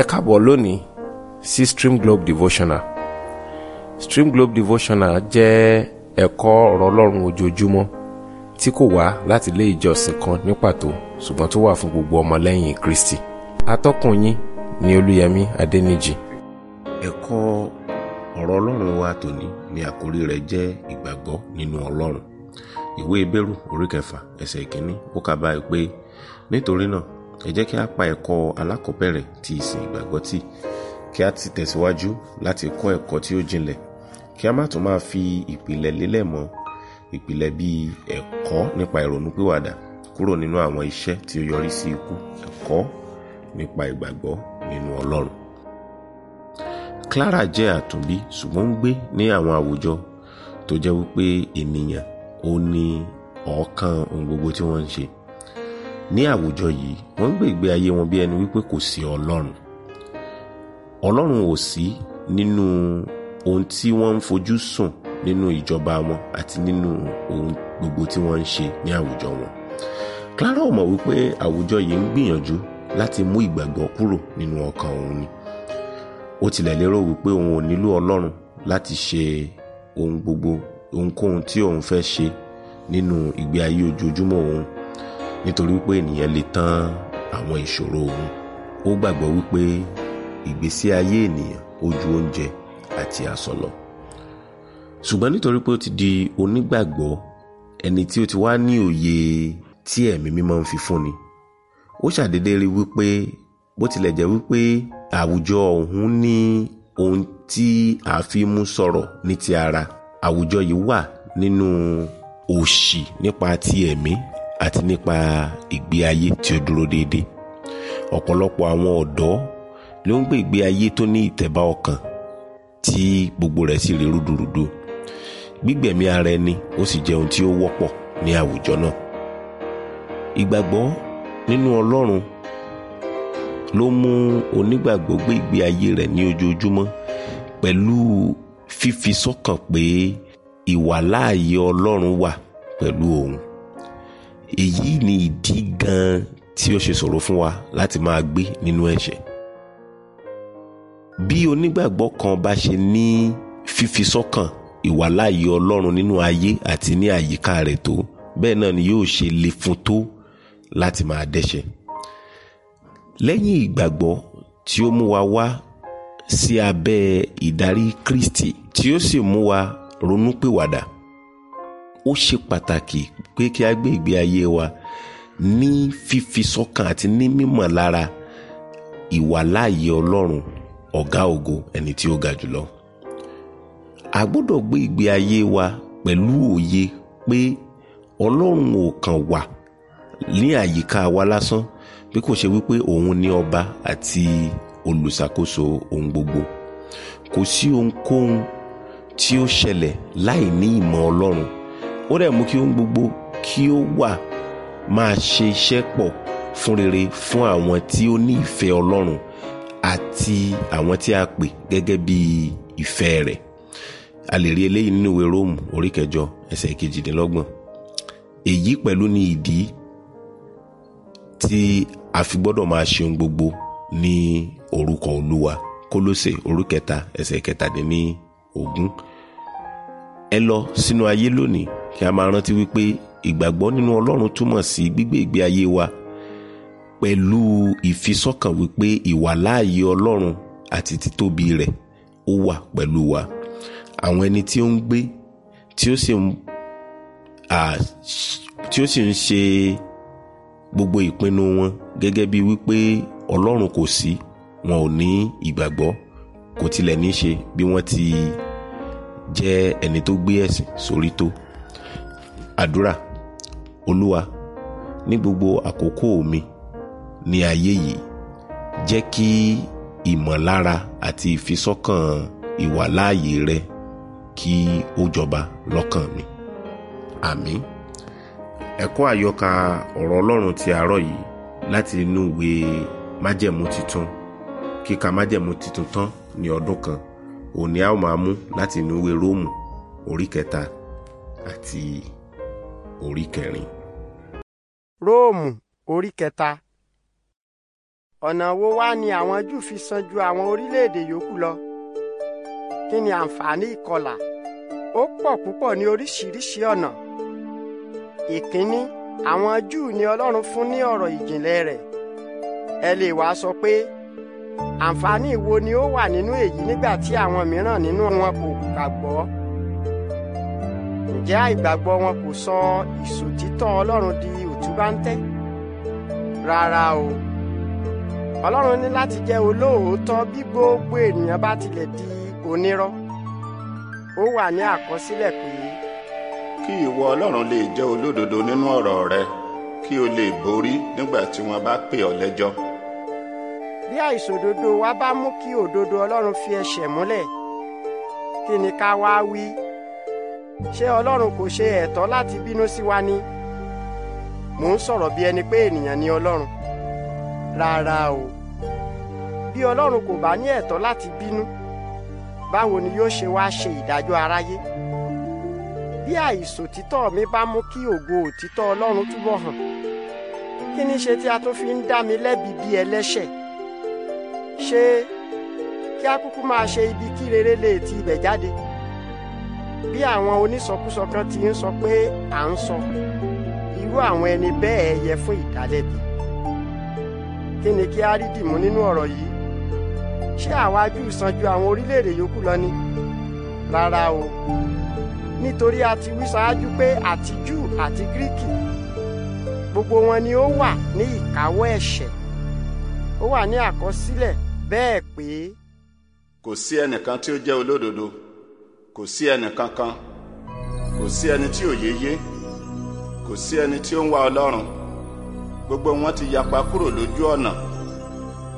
ẹ káàbọ̀ lónìí sí stream globe devotional stream globe devotional jẹ́ ẹ̀kọ́ ọ̀rọ̀ ọlọ́run ojoojúmọ́ tí kò wá láti ilé ìjọsìn kan ní pàtó ṣùgbọ́n tó wà fún gbogbo ọmọlẹ́yìn kristi atọ́kùn yín ni olúyẹmí adẹ́nìjì. ẹ̀kọ́ ọ̀rọ̀ ọlọ́run wa tòní ni àkórí rẹ̀ jẹ́ ìgbàgbọ́ nínú ọlọ́run ìwé ìbẹ̀rù orí kẹfà ẹsẹ̀ ìkíní ó kà báyìí pé nítorí náà ẹ jẹ́ kí a pa ẹ̀kọ́ alákọ̀ọ́bẹ̀rẹ̀ ti ìsìn ìgbàgbọ́ tì kí a ti tẹ̀síwájú láti kọ́ ẹ̀kọ́ tí ó jinlẹ̀ kí a má tún máa fi ìpìlẹ̀ lélẹ̀ mọ́ ìpìlẹ̀ bíi ẹ̀kọ́ nípa ìrònúpìwàdà kúrò nínú àwọn iṣẹ́ tí ó yọrí sí ikú ẹ̀kọ́ nípa ìgbàgbọ́ nínú Ọlọ́run. Clara jẹ́ àtúnbí ṣùgbọ́n ń gbé ní àwọn àwùjọ tó jẹ́ wípé ènìyàn ó ní ọ̀ọ́kán ohun gbogbo tí wọ́n ń ṣe ní àwùjọ yìí wọ́n ń gbé ìgbé ayé wọn bí ẹni wípé kò sí ọlọ́run ọlọ́run ò sí nínú ohun tí wọ́n ń fojú sùn nínú ìjọba wọn àti nínú ohun gbogbo tí wọ́n ń ṣe ní àwùjọ wọn Clara ò mọ̀ wípé àwùjọ yìí ń gbìyànjú láti mú ìgbàgbọ́ kúrò nínú ọkàn òun ni ó tilẹ̀ lérò wípé òun ò nílò ọlọ́run láti ṣe ohun gbogbo ohunkóhun tí òun fẹ́ ṣe nínú ìgbé ayé ojoojúmọ́ òun nítorí pé ènìyàn lè tán àwọn ìṣòro òun ó gbàgbọ́ wípé ìgbésí ayé ènìyàn ó ju oúnjẹ àti aṣọ lọ ṣùgbọ́n nítorí pé ó ti di onígbàgbọ́ ẹni tí ó ti wá ní òye tí ẹ̀mí mímọ́ ń fi fúnni ó ṣàdédé rí wípé bó tilẹ̀ jẹ́ wípé àwùjọ ọ̀hún ní ohun tí a fi mú sọ̀rọ̀ ní ti ara àwùjọ yìí wà nínú òṣì nípa ti ẹ̀mí àti nípa ìgbé ayé tí ó dúró déédé ọ̀pọ̀lọpọ̀ àwọn ọ̀dọ́ ló ń gbé ìgbé ayé tó ní ìtẹ̀bá ọkàn tí gbogbo rẹ̀ sì rí rúdurùdu gbígbẹ̀mí ara ẹni ó sì jẹ́ ohun tí ó wọ́pọ̀ ní àwùjọ náà ìgbàgbọ́ nínú Ọlọ́run ló mú onígbàgbọ́ gbé ìgbé ayé rẹ̀ ní ojoojúmọ́ pẹ̀lú fífi sọ́kàn pé ìwàláàyè Ọlọ́run wà pẹ̀lú òun èyí ni ìdí gan-an tí ó ṣe ṣòro fún wa láti máa gbé nínú ẹ̀ṣẹ̀ bí onígbàgbọ́ kan bá ṣe ní fífi sọ́kàn ìwàláàyè ọlọ́run nínú ayé àti ní àyíká rẹ̀ tó bẹ́ẹ̀ náà ni yóò ṣe le fún tó láti máa dẹ́ṣẹ̀ lẹ́yìn ìgbàgbọ́ tí ó mú wa wá sí abẹ́ ìdarí Kristi tí ó sì mú wa ronúpìwàdà ó ṣe pàtàkì pé kí a gbé ìgbé ayé wa ní fífi sọ́kàn àti ní mímọ̀ lára ìwàláàyè ọlọ́run ọ̀gá ògo ẹni tí ó ga jùlọ. a gbọ́dọ̀ gbé ìgbé ayé wa pẹ̀lú òye pé ọlọ́run ò kàn wà ní àyíká wa lásán bí kò ṣe wípé òun ni ọba àti olùṣàkóso ohun gbogbo kò sí ohunkóhun tí ó ṣẹlẹ̀ láì ní ìmọ̀ ọlọ́run ó dẹ̀ mú kí ohun gbogbo kí ó wà máa ṣe iṣẹ́ pọ̀ fún rere fún àwọn tí ó ní ìfẹ́ ọlọ́run àti àwọn tí a pè gẹ́gẹ́ bí ìfẹ́ rẹ̀ a lè rí eléyìí nínú ìwé róòmù orí kẹjọ ẹsẹ̀ kejìdínlọ́gbọ̀n èyí pẹ̀lú ni ìdí tí a fi gbọ́dọ̀ máa ṣe ohun gbogbo ní orúkọ olúwa kólósè orí kẹta kẹtàdínní ogún ẹ lọ sínú ayé lónìí kí a máa rántí wípé ìgbàgbọ́ nínú ọlọ́run túmọ̀ sí gbígbé ìgbé ayé wa pẹ̀lú ìfisọ́kàn wípé ìwàláàyè ọlọ́run àti títóbi rẹ̀ ó wà pẹ̀lú wa àwọn ẹni tí ó ń gbé tí ó sì ń tí ó sì ń ṣe gbogbo ìpinnu wọn gẹ́gẹ́ bí wípé ọlọ́run kò sí wọn ò ní ìgbàgbọ́ kò tilẹ̀ ní ṣe bí wọ́n ti jẹ́ ẹni tó gbé ẹ̀sìn sórí tó. So àdúrà olúwa ní gbogbo àkókò mi ní ayé yìí jẹ́ kí ìmọ̀lára àti ìfisọ́kàn ìwàláàyè rẹ kí ó jọba lọ́kàn mi àmín ẹ̀kọ́ àyọkà ọ̀rọ̀ ọlọ́run ti àárọ̀ yìí láti inú ìwé májẹ̀mú titun kíka májẹ̀mú titun tán ní ọdún kan òun ni a ó máa mú láti inú ìwé róòmù orí kẹta àti orí kẹrin. róòmù orí kẹta ọ̀nà wo wá ni àwọn júù fi sàn ju àwọn orílẹ̀-èdè yòókù lọ kí ni àǹfààní ìkọlà ó pọ̀ púpọ̀ ní oríṣiríṣi ọ̀nà ìkíní àwọn júù ni ọlọ́run fún ní ọ̀rọ̀ ìjìnlẹ̀ rẹ̀ ẹ lè wá sọ pé àǹfààní wo ni ó wà nínú èyí nígbà tí àwọn mìíràn nínú wọn kò gbàgbọ́ ǹjẹ́ àìgbàgbọ́ wọn kò sọ ìṣòtítọ́ Ọlọ́run di òtúbáńtẹ́ rárá o Ọlọ́run ní láti jẹ́ olóòótọ́ bí gbogbo ènìyàn bá tilẹ̀ di onírọ́ ó wà ní àkọsílẹ̀ pé. kí ìwọ Ọlọ́run lè jẹ́ olódodo nínú ọ̀rọ̀ rẹ kí o lè borí nígbà tí wọ́n bá pè ọ́ lẹ́jọ́. bí àìṣòdodo wa bá mú kí òdodo Ọlọ́run fi ẹsẹ̀ múlẹ̀ kí ni ká wá wí ṣé ọlọ́run kò ṣe ẹ̀tọ́ láti bínú sí wa ni mò ń sọ̀rọ̀ bí ẹni pé ènìyàn ni ọlọ́run rárá o bí ọlọ́run kò bá ní ẹ̀tọ́ láti bínú báwo ni yóò ṣe wá ṣe ìdájọ́ aráyé bí àìṣòtítọ́ mi bá mú kí ògo òtítọ́ ọlọ́run túbọ̀ hàn kí ni ṣe tí a tún fi ń dá mi lẹ́bi bí ẹlẹ́ṣẹ̀ ṣé kí a kúkú máa ṣe ibi kí rere lè ti ibẹ̀ jáde bí àwọn onísọkúsọ kan ti ń sọ pé à ń sọ irú àwọn ẹni bẹ́ẹ̀ yẹ fún ìdálẹ́bi kí ni kí á rí dìmú nínú ọ̀rọ̀ yìí ṣé àwa Júù sàn ju àwọn orílẹ̀-èdè yòókù lọ ni rárá o nítorí a ti wí ṣáájú pé àti Júù àti Gíríkì gbogbo wọn ni ó wà ní ìkáwọ́ ẹ̀ṣẹ̀ ó wà ní àkọsílẹ̀ bẹ́ẹ̀ pé. kò sí ẹnìkan tí ó jẹ́ olódodo kò sí ẹnì kankan kò sí ẹni tí òye yé kò sí ẹni tí ó ń wá ọlọ́run gbogbo wọn ti yapa kúrò lójú ọ̀nà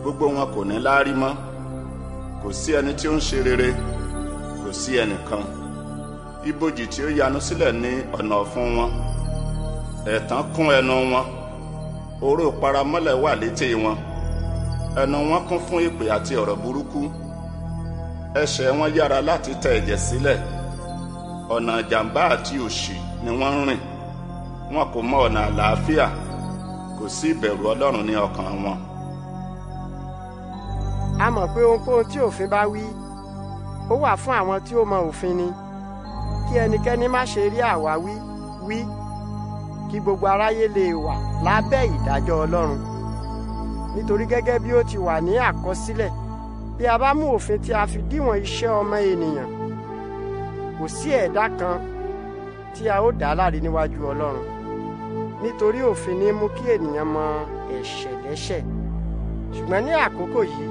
gbogbo wọn kò ní láárí mọ́ kò sí ẹni tí ó ń ṣe rere kò sí ẹnìkan ibojì tí ó yanu sílẹ̀ ní ọ̀nà ọ̀fun wọn ẹ̀tàn kún ẹnu wọn oró paramọ́lẹ̀ wà létí wọn ẹnu wọn kún fún èpè àti ọ̀rọ̀ burúkú ẹsẹ̀ wọn yára láti tẹ ẹ̀jẹ̀ sílẹ̀ ọ̀nà jàǹbá àti òṣì ni wọ́n ń rìn wọn kò mọ ọ̀nà àlàáfíà kò sí ìbẹ̀rù ọlọ́run ní ọkàn wọn. a mọ̀ pé ohunkóhun tí òfin bá wí ó wà fún àwọn tí ó mọ òfin ni kí ẹnikẹ́ni má ṣe rí àwáwí wí kí gbogbo aráyé lè wà lábẹ́ ìdájọ́ ọlọ́run nítorí gẹ́gẹ́ bí ó ti wà ní àkọsílẹ̀ bí a bá mú òfin tí a fi díwọ̀n iṣẹ́ ọmọ ènìyàn kò sí ẹ̀dá kan tí a ó dá láre níwájú Ọlọ́run nítorí òfin ní mú kí ènìyàn mọ ẹ̀ṣẹ̀ lẹ́ṣẹ̀ ṣùgbọ́n ní àkókò yìí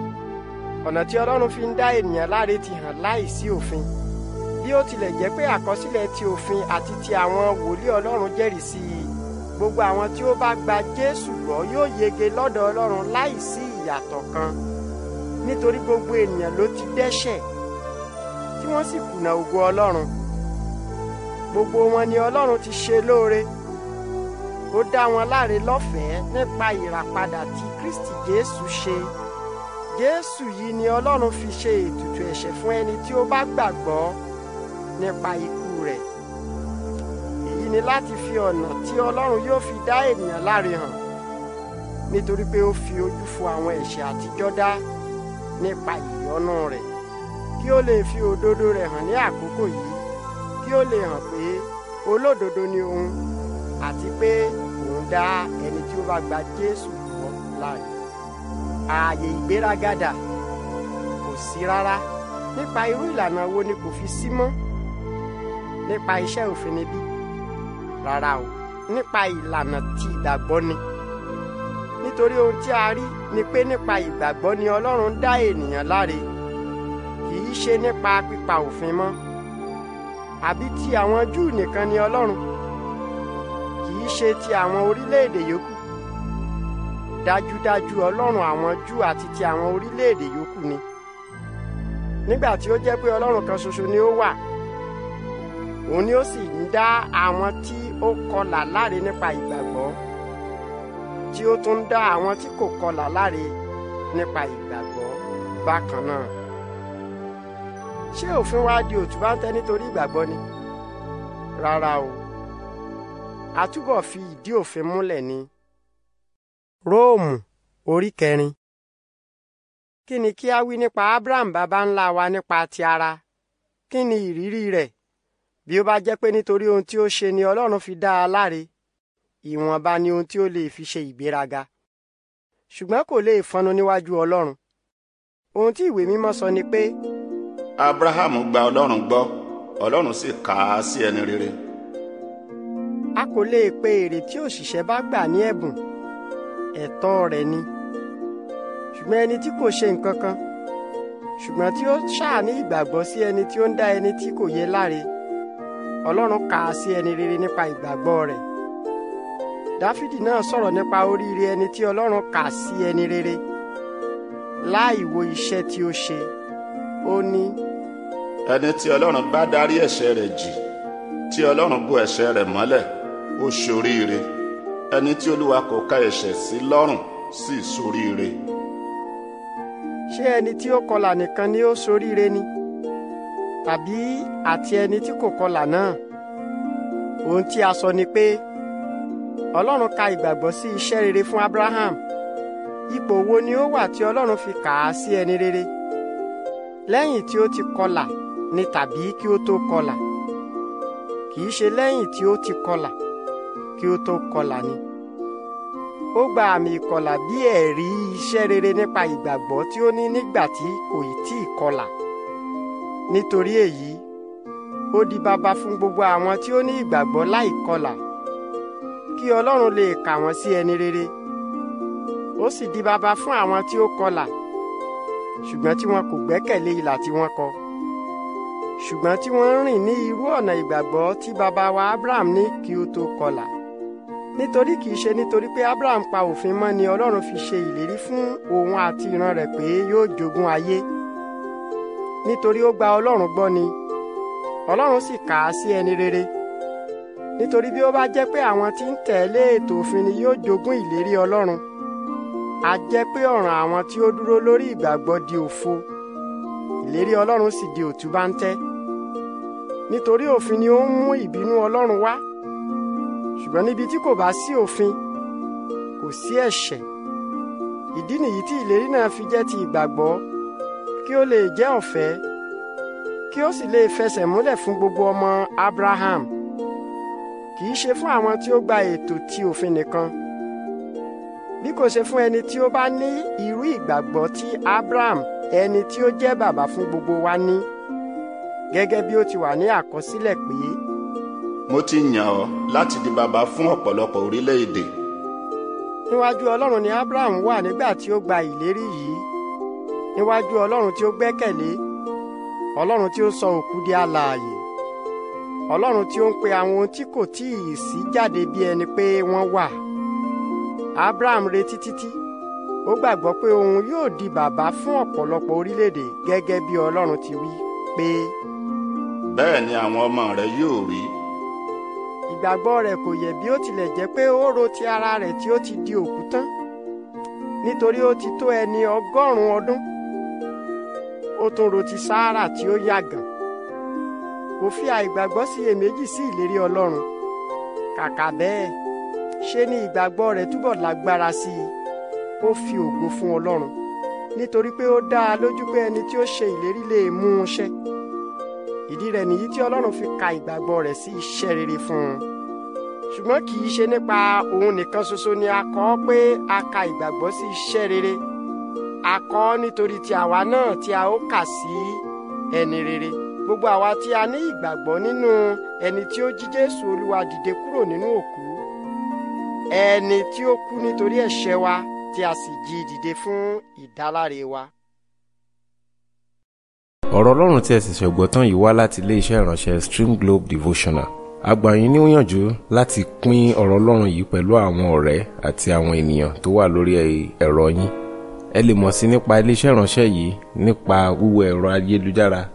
ọ̀nà tí Ọlọ́run fi ń dá ènìyàn láre ti hàn láìsí òfin bí ó tilẹ̀ jẹ́ pé àkọsílẹ̀ ti òfin àti ti àwọn wòlíì Ọlọ́run jẹ́rìí sí i gbogbo àwọn tí ó bá gba Jésù gbọ́ yóò yege lọ́dọ̀ Ọlọ́run láìsí ìyàtọ̀ kan nítorí gbogbo ènìyàn ló ti dẹ́ṣẹ̀ tí wọ́n sì kùnà ògo Ọlọ́run gbogbo wọn ni Ọlọ́run ti ṣe lóore ó dá wọn láre lọ́fẹ̀ẹ́ nípa ìràpadà tí Kristi Jésù ṣe Jésù yìí ni Ọlọ́run fi ṣe ètùtù ẹ̀ṣẹ̀ fún ẹni tí ó bá gbàgbọ́ nípa ikú rẹ̀ èyí ni láti fi ọ̀nà tí Ọlọ́run yóò fi dá ènìyàn láre hàn nítorí pé ó fi ojú fo àwọn ẹ̀ṣẹ̀ àtijọ́ dá nípa ìyọ́nú rẹ̀ kí ó lè fi òdodo rẹ̀ hàn ní àkókò yìí kí ó lè hàn pé olódodo ni òun àti pé òun dá ẹni tí ó bá gba Jésù lọ láàyè ààyè ìgbéragádà kò sí rárá nípa irú ìlànà wo ni kò fi sí mọ́ nípa iṣẹ́ òfin níbí rárá o nípa ìlànà tí ìgbàgbọ́ ni nítorí ohun tí a rí ni pé nípa ìgbàgbọ́ ni Ọlọ́run dá ènìyàn láre kì í ṣe nípa pípa òfin mọ́ àbí ti àwọn Júù nìkan ni Ọlọ́run kì í ṣe ti àwọn orílẹ̀-èdè yòókù dájúdájú Ọlọ́run àwọn Júù àti ti àwọn orílẹ̀-èdè yòókù ni nígbà tí ó jẹ́ pé Ọlọ́run kan ṣoṣo ni ó wà òun ni ó sì ń dá àwọn tí ó kọlà láre nípa ìgbàgbọ́ tí ó tún dá àwọn tí kò kọlà láre nípa ìgbàgbọ́ bákan náà ṣé òfin wá di òtúbá ń tẹ́ nítorí ìgbàgbọ́ ni rárá o àtúbọ̀ fi ìdí òfin múlẹ̀ ni róòmù orí kẹrin kí ni kí a wí nípa abraham baba ńlá wa nípa ti ara kí ni ìrírí rẹ̀ bí ó bá jẹ́ pé nítorí ohun tí ó ṣe ni ọlọ́run fi dá a láre ìwọ̀nba ni ohun tí ó lè fi ṣe ìgbéraga ṣùgbọ́n kò lè fọnu níwájú ọlọ́run ohun tí ìwé mímọ́ sọ ni pé. abrahamu gba ọlọ́run gbọ́ ọlọ́run sì kà á sí ẹni rere. a kò lè pe èrè tí òṣìṣẹ́ bá gbà ní ẹ̀bùn ẹ̀tọ́ rẹ̀ ni ṣùgbọ́n ẹni tí kò ṣe nǹkan kan ṣùgbọ́n tí ó ṣàní ìgbàgbọ́ sí ẹni tí ó ń dá ẹni tí kò yẹ láre ọlọ́run kà á sí ẹni rere nípa ìgbàgbọ́ rẹ̀ dáfídì náà sọ̀rọ̀ nípa oríire ẹni tí ọlọ́run kà sí ẹni rere láì wo iṣẹ́ tí ó ṣe ó ní. ẹni tí ọlọ́run bá dárí ẹ̀ṣẹ̀ rẹ̀ jì tí ọlọ́run bò ẹ̀ṣẹ̀ rẹ̀ mọ́lẹ̀ ó ṣoríire ẹni tí olúwa kò ka ẹ̀ṣẹ̀ sí lọ́rùn sì ṣoríire. ṣé ẹni tí ó kọlà nìkan ni ó ṣoríire ni tàbí àti ẹni tí kò kọlà náà ohun tí a sọ ni pé ọlọ́run ka ìgbàgbọ́ sí iṣẹ́ rere fún abraham ipò wo ni ó wà tí ọlọ́run fi kà á sí ẹni rere lẹ́yìn tí ó ti kọlà ni tàbí kí ó tó kọlà kì í ṣe lẹ́yìn tí ó ti kọlà kí ó tó kọlà ni ó gba àmì ìkọlà bí ẹ̀rí iṣẹ́ rere nípa ìgbàgbọ́ tí ó ní nígbà tí kò ì tí ì kọlà nítorí èyí ó di baba fún gbogbo àwọn tí ó ní ìgbàgbọ́ láì kọlà kí Ọlọ́run lè kà wọ́n sí ẹni rere ó sì di baba fún àwọn tí ó kọlà ṣùgbọ́n tí wọn kò gbẹ́kẹ̀lé ìlà tí wọ́n kọ ṣùgbọ́n tí wọ́n ń rìn ní irú ọ̀nà ìgbàgbọ́ tí baba wa Abraham ní kí ó tó kọlà nítorí kìí ṣe nítorí pé Abraham pa òfin mọ́ ni Ọlọ́run fi ṣe ìlérí fún òun àti ìran rẹ̀ pé yóò jogún ayé nítorí ó gba Ọlọ́run gbọ́ ni Ọlọ́run sì kà á sí ẹni rere nítorí bí ó bá jẹ́ pé àwọn tí ń tẹ̀lé ètò òfin ni yóò jogún ìlérí Ọlọ́run a jẹ́ pé ọ̀ràn àwọn tí ó dúró lórí ìgbàgbọ́ di òfo ìlérí Ọlọ́run sì di òtúbáńtẹ́ nítorí òfin ni ó ń mú ìbínú Ọlọ́run wá ṣùgbọ́n níbi tí kò bá sí òfin kò sí ẹ̀ṣẹ̀ ìdí nìyí tí ìlérí náà fi jẹ́ ti ìgbàgbọ́ kí ó lè jẹ́ ọ̀fẹ́ kí ó sì lè fẹsẹ̀ múlẹ̀ fún gbogbo ọmọ Abraham kì í ṣe fún àwọn tí ó gba ètò ti òfin nìkan bí kò ṣe fún ẹni tí ó bá ní irú ìgbàgbọ́ tí Abraham ẹni tí ó jẹ́ bàbá fún gbogbo wa ní gẹ́gẹ́ bí ó ti wà ní àkọsílẹ̀ pé. mo ti yàn ọ́ láti di bàbá fún ọ̀pọ̀lọpọ̀ orílẹ̀-èdè. níwájú Ọlọ́run ni Abraham wà nígbà tí ó gba ìlérí yìí níwájú Ọlọ́run tí ó gbẹ́kẹ̀lé Ọlọ́run tí ó sọ òkú di alààyè ọlọ́run tí ó ń pe àwọn ohun tí kò tí ì sí jáde bí ẹni pé wọ́n wà abraham retí títí ó gbàgbọ́ pé òun yóò di bàbá fún ọ̀pọ̀lọpọ̀ orílẹ̀-èdè gẹ́gẹ́ bí ọlọ́run ti wí pé. bẹ́ẹ̀ ni àwọn ọmọ rẹ yóò rí. ìgbàgbọ́ rẹ̀ kò yẹ̀ bí ó tilẹ̀ jẹ́ pé ó ro ti ara rẹ̀ tí ó ti di òkú nítorí ó ti tó ẹni ọgọ́rùn-ún ọdún ó tún ro ti sáárà tí ó yàgàn kò fi àìgbàgbọ́ síyèméjì sí ìlérí Ọlọ́run kàkà bẹ́ẹ̀ ṣe ni ìgbàgbọ́ rẹ̀ túbọ̀ lágbára sí i ó fi ògo fún Ọlọ́run nítorí pé ó dá a lójú pé ẹni tí ó ṣe ìlérí lè mú un ṣẹ ìdí rẹ̀ nìyí tí Ọlọ́run fi ka ìgbàgbọ́ rẹ̀ sí iṣẹ́ rere fún un ṣùgbọ́n kì í ṣe nípa òun nìkan ṣoṣo ni a kọ ọ́ pé a ka ìgbàgbọ́ sí iṣẹ́ rere a kọ ọ́ nítorí ti àwa náà tí a ó kà sí ẹni rere gbogbo àwa tí a ní ìgbàgbọ́ nínú ẹni tí ó jí Jésù Olúwa dìde kúrò nínú òkú ẹni tí ó kú nítorí ẹ̀ṣẹ̀ wa tí a sì jí dìde fún ìdáláre wa. ọ̀rọ̀ ọlọ́run tí ẹ sì ṣẹ̀gbọ́ tán yìí wá láti iléeṣẹ́ ìránṣẹ́ Stream Globe Devotional a gbà yín níyànjú láti pín ọ̀rọ̀ ọlọ́run yìí pẹ̀lú àwọn ọ̀rẹ́ àti àwọn ènìyàn tó wà lórí ẹ̀rọ yín ẹ lè mọ̀ sí nípa iléeṣẹ́ ìránṣẹ́ yìí nípa wíwọ ẹ̀rọ ayélujára